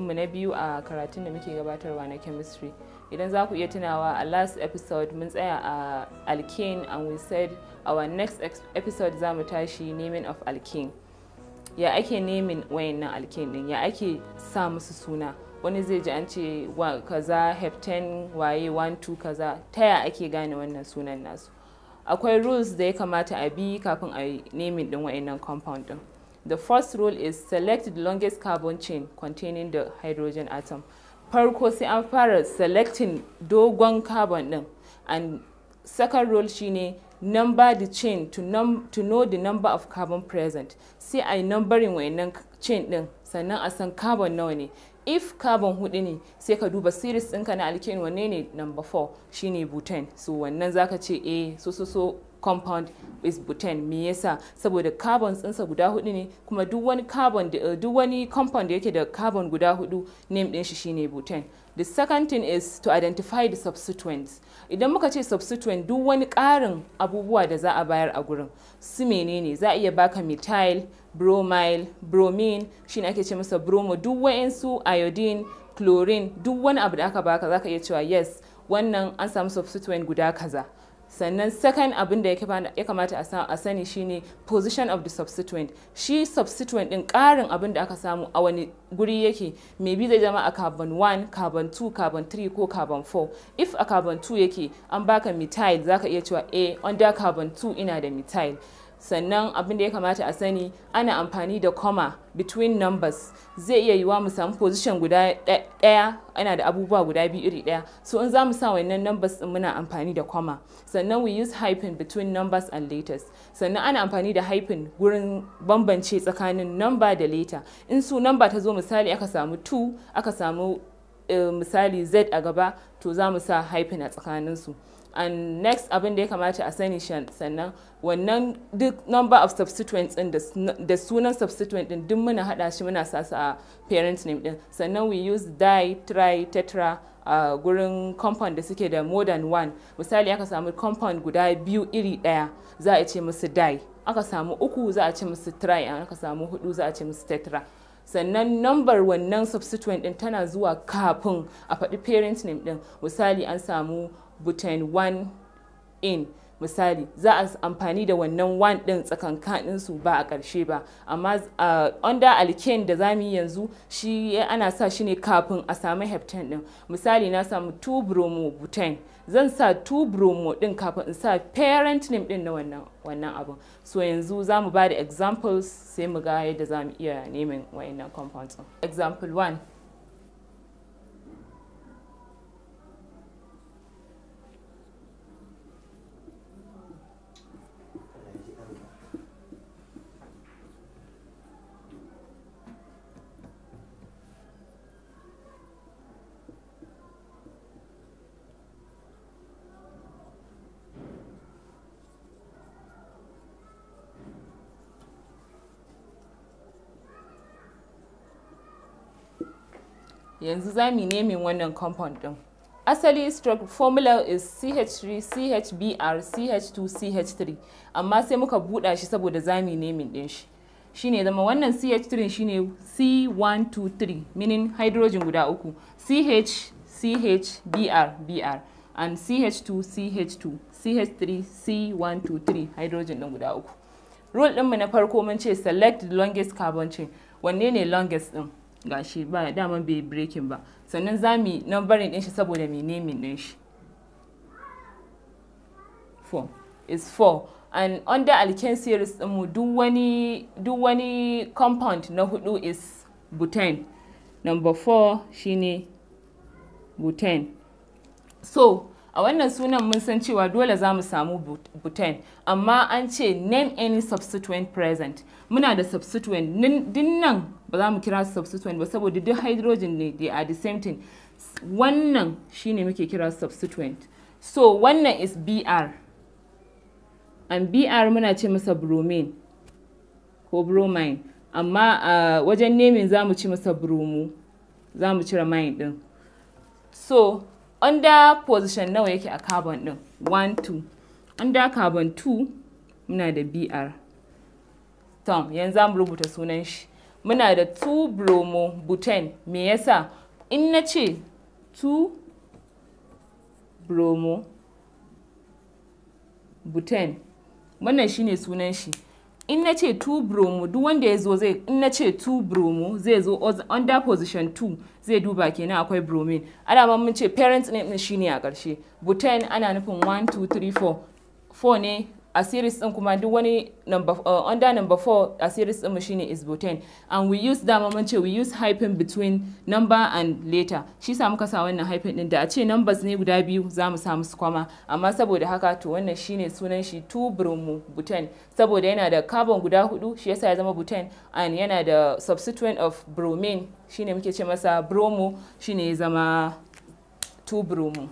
mu na biyu a karatun da muke gabatarwa na chemistry idan za ku iya tunawa a last episode mun tsaya a alkane and we said our next episode za mu tashi naming of alkane ya ake naming wayannan alkane din ya ake sa musu suna wani zai ji an ce kaza heptan waye 1 2 kaza ta ya ake gane wannan sunan nasu akwai rules da ya kamata a bi kafin a naming din wayannan compound din The first rule is select the longest carbon chain containing the hydrogen atom. Farko sai an fara selecting dogon carbon din. And second rule shine number the chain to, num to know the number of carbon present. Sai a yi numbering wayannan chain din sannan a san carbon nawa ne. If carbon hudu ne sai ka duba series ɗinka na alkene wanne ne number 4 shine butane. So wannan zaka ce eh so so so compound is butane me yasa saboda carbon tsinsa guda hudu ne kuma duk wani carbon eh, duk wani compound da yake da carbon guda hudu name din shi shine butane the second thing is to identify the substituents idan muka ce substituent duk wani karin abubuwa da za a bayar a gurin su menene za a iya baka methyl bromyl bromine shine ake ce masa bromo duk wayansu iodine chlorine duk wani abu da aka baka zaka iya cewa yes wannan an samu substituent guda kaza sannan second abin da ya kamata a sani shine position of the substituent shi substituent din karin abin da aka samu a wani guri yake maybe zai zama a carbon 1 carbon 2 carbon 3 ko carbon 4 if a carbon 2 yake an baka methyl zaka iya cewa a eh, under carbon 2 ina da methyl sannan abin da ya kamata a sani ana amfani da comma between numbers zai iya yiwa mu samu position guda daya ana da abubuwa guda biyu iri daya so in za mu sa wannan numbers din muna amfani da comma sannan we use hyphen between numbers and letters sannan ana amfani da hyphen gurin bambance tsakanin number da letter in su number ta zo misali aka samu 2 aka samu eh, misali z a gaba to za mu sa hyphen a tsakaninsu and next abin da ya kamata a sani sannan wannan duk number of substituents din da sunan substituent din duk muna hada shi muna sa a parent name din sannan we use die tri tetra a gurin compound da suke da more than one misali aka samu compound guda biyu iri daya za a ce musu die aka samu uku za a ce musu try aka samu hudu za a ce musu tetra sannan number wannan substituent din tana zuwa kafin a faɗi parent name din misali an samu butane 1 in misali za a amfani da wannan one din tsakan su ba a ƙarshe ba amma uh, under alkane da zamu yi yanzu shi ana sa shi ne kafin a samu heptane din misali na samu two bromo butane zan sa two bromo din kafin in sa parent name din na wannan wannan abun so yanzu za mu ba da examples sai mu ga yadda za mu iya neman wayannan compounds example 1 yanzu za mu nemin wannan compound ɗin asali stroke formula is CH3, CHBr, 2 CH3 amma sai muka buɗa shi saboda za mu nemin ɗin shi shine zama wannan CH3 shine C123 meaning hydrogen guda uku CH, CH, Br, Br and CH2, CH2, CH3, C123 hydrogen ɗin guda uku. Rule mu na farko mun ce select the longest carbon chain. Wanne ne longest ɗin? gashi ba daman bai breaking ba sannan za mu numbering din shi saboda mai naming din shi 4 is 4 and under alkane series mu duk wani duk wani compound na hudu is butane number 4 shine butane so a wannan sunan mun san cewa dole za mu samu butane amma an ce name any substituent present muna da substituent nan ba za mu kira su substituent ba saboda duk hydrogen ne they are the same thing wannan shine muke kira substituent so wannan is br and br muna ce masa bromine ko bromine amma uh, wajen nemin za mu ci masa bromo za mu cire mine din so under position nawa yake a carbon din 1 2 under carbon 2 muna da br tom yanzu za mu rubuta sunan shi muna da 2 bromo butane me yasa in na ce 2 bromo butane wannan shine sunan shi in na ce 2 bromo duk wanda ya zo zai in na ce 2 bromo zai zo under position 2 zai duba kenan akwai bromine alama mun ce parent name din shine a karshe butane ana nufin 1 2 3 4 4 ne a series din kuma duk wani uh, under number 4 a series din mu shine is butane and we use dama mun ce we use hyphen between number and letter shi sa muka sa wannan hyphen din da a ce numbers ne guda biyu za mu samu su kwama amma saboda haka to wannan shine sunan shi two bromo butane saboda yana da carbon guda hudu shi yasa ya zama butane and yana da substituent of bromine shine muke ce masa bromo shine ya zama two bromo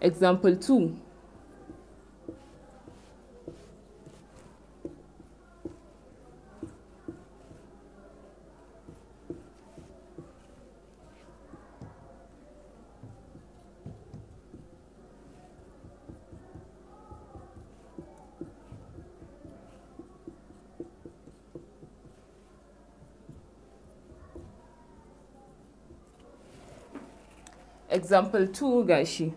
example 2 example 2 gashi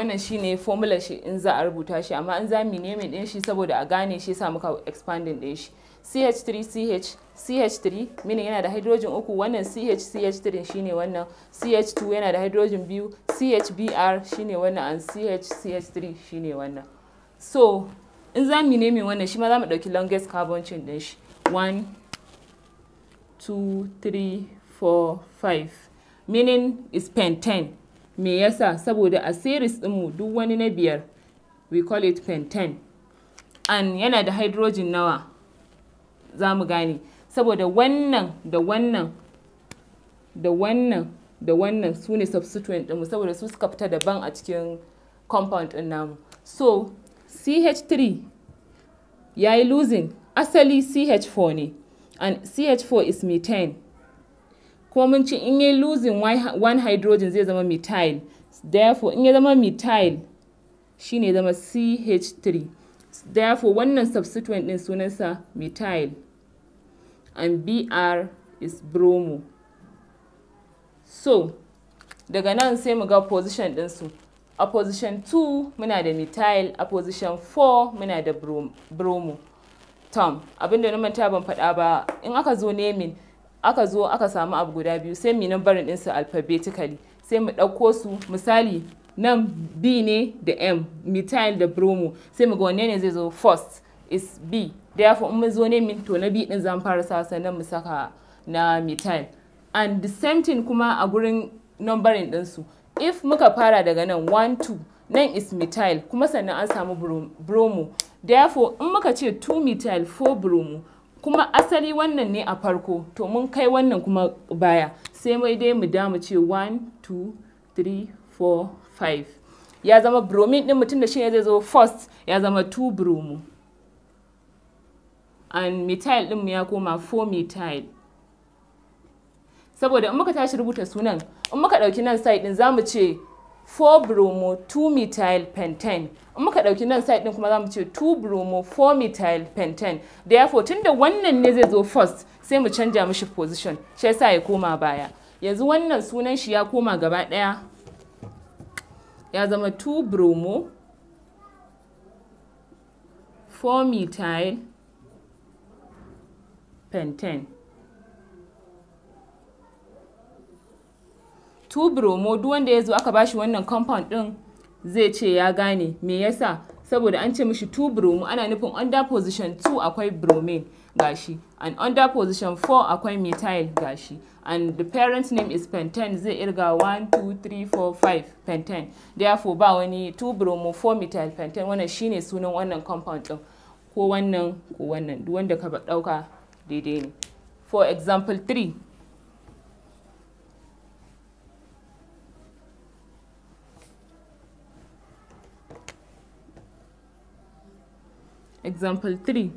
wannan shi ne formula shi in za a rubuta shi amma in za mu neme din shi saboda a gane shi yasa muka expanding din shi CH3 CH CH3 meaning yana da hydrogen uku wannan CH CH3 shine wannan CH2 yana da hydrogen biyu CHBr shine wannan and CH CH3 shine wannan so in za mu neme wannan shi ma za mu ɗauki longest carbon chain din shi 1 2 3 4 5 meaning is pentane Me yasa? Saboda a series ɗinmu duk wani na biyar we call it pentane. and yana da hydrogen nawa za mu gane. Saboda wannan da wannan da wannan da wannan su ne substituent ɗinmu saboda su suka fita daban a cikin compound ɗin namu. So CH3 ya yi losing asali CH4 ne and CH4 is methane. kuma mun ci in yi losing one hydrogen zai zama methyl therefore in ya zama methyl shi ne zama CH3 therefore wannan substituent din sunansa methyl and Br is bromo so daga nan sai mu ga position ɗinsu a position 2 muna da methyl a position 4 muna da bromo tom abinda na manta ban faɗa ba in aka zo naming aka zo aka samu abu guda biyu sai mu barin ɗinsu alphabetically sai mu ɗauko su misali nan b ne da m methyl da bromo sai mu ga wanne ne zai zo first is b therefore in mun zo ne min to na b din zan fara sa sannan mu saka na methyl and the same thing kuma a gurin numbering ɗinsu if muka fara daga nan 1 2 nan is methyl kuma sannan an samu bromo therefore in muka ce 2 methyl 4 bromo kuma asali wannan ne a farko to mun kai wannan kuma baya sai mai dai mu damu ce 1 2 3 4 5 ya zama bromine din mutum da shi ne zai zo first ya zama 2 bromo and methyl din ya koma 4 methyl saboda in muka tashi rubuta sunan in muka dauki nan side din zamu ce 4-bromo 2-methyl pentane in muka ɗauki nan side ɗin kuma za mu ce 2-bromo 4-methyl pentane therefore tun da wannan ne zai zo first sai mu canja mishi position shi yasa ya koma baya yanzu wannan sunan shi ya koma gaba ɗaya ya zama 2-bromo 4-methyl pentane tu bromo duk wanda ya zo aka bashi wannan compound din zai ce ya gane me yasa saboda an ce mishi tu bromo ana nufin under position 2 akwai bromine gashi and under position 4 akwai methyl gashi and the parent name is pentane zai irga 1 2 3 4 5 pentane therefore ba wani 2 bromo 4 methyl pentane wannan shine sunan wannan compound din ko wannan ko wannan duk wanda ka dauka daidai ne for example 3 Example 3.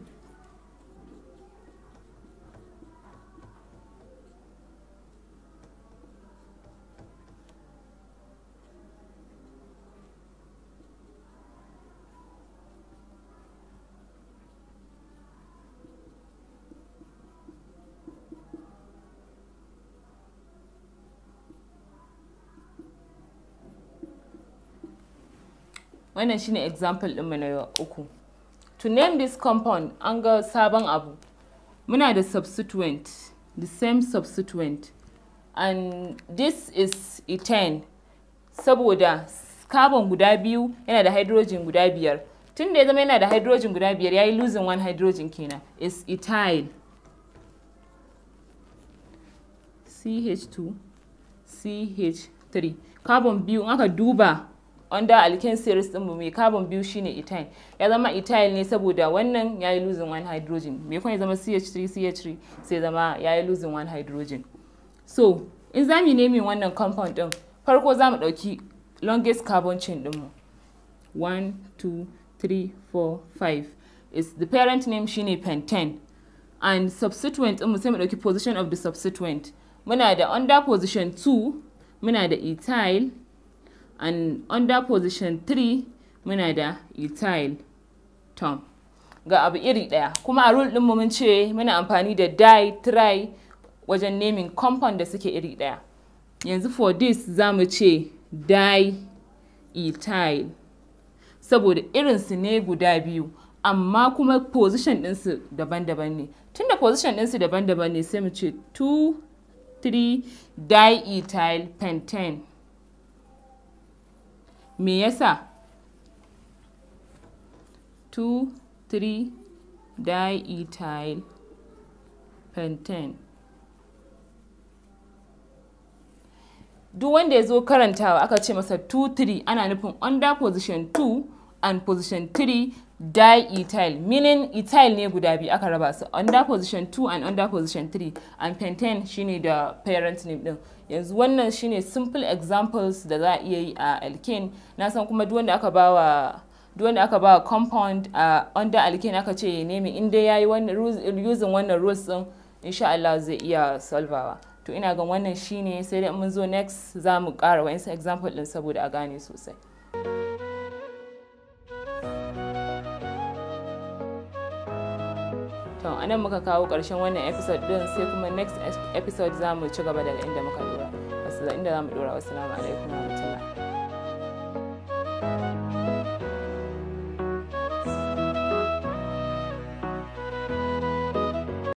wannan shine example ɗinmu na uku To name this compound, an ga sabon abu. Muna da substituent, the same substituent. And this is ethane. Saboda carbon guda biyu yana da hydrogen guda biyar. Tun da ya zama yana da hydrogen guda biyar ya yi losing one hydrogen kenan. Is ethyl. CH2, CH3. Carbon biyu in aka duba under alkene series din mu mai carbon biyu shine ethyl ya zama ethyl ne saboda wannan yayi losing one hydrogen me kuma ya zama CH3 CH3 sai zama yayi losing one hydrogen so in zamu yi wannan compound din farko zamu dauki longest carbon chain din mu 1 2 3 4 5 is the parent name shine pentane and substituent din mu sai mu dauki position of the substituent muna da under position 2 muna da ethyl and under position 3 muna da ethyl term ga abu iri daya kuma a rule mu mun ce muna amfani da di try wajen naming compound da suke iri daya yanzu for this za mu ce di ethyl saboda irinsu ne guda biyu amma kuma position din su daban-daban ne tunda position din su daban-daban ne sai mu ce 2 3 ethyl pentane me ya yasa 2,3-diethyl pentane duk wanda ya zo karantawa aka ce masa 2-3 ana nufin under position 2 and position 3 diethyl meaning ethyl ne guda biyu aka raba su under position 2 and under position 3 and pentane shine da parent name din yanzu wannan shine simple examples da za a iya yi a alkane na san kuma duk wanda aka bawa duk wanda aka bawa compound a under alkane aka ce ya nemi in dai yayi wannan using wannan rules din insha Allah zai iya solvawa to ina ga wannan shine sai dai mun zo next za mu ƙara wa'insu example din saboda a gane sosai a nan muka kawo ƙarshen wannan episode din sai kuma next episode za mu ci gaba daga inda muka dora inda za mu dora wasu alaikum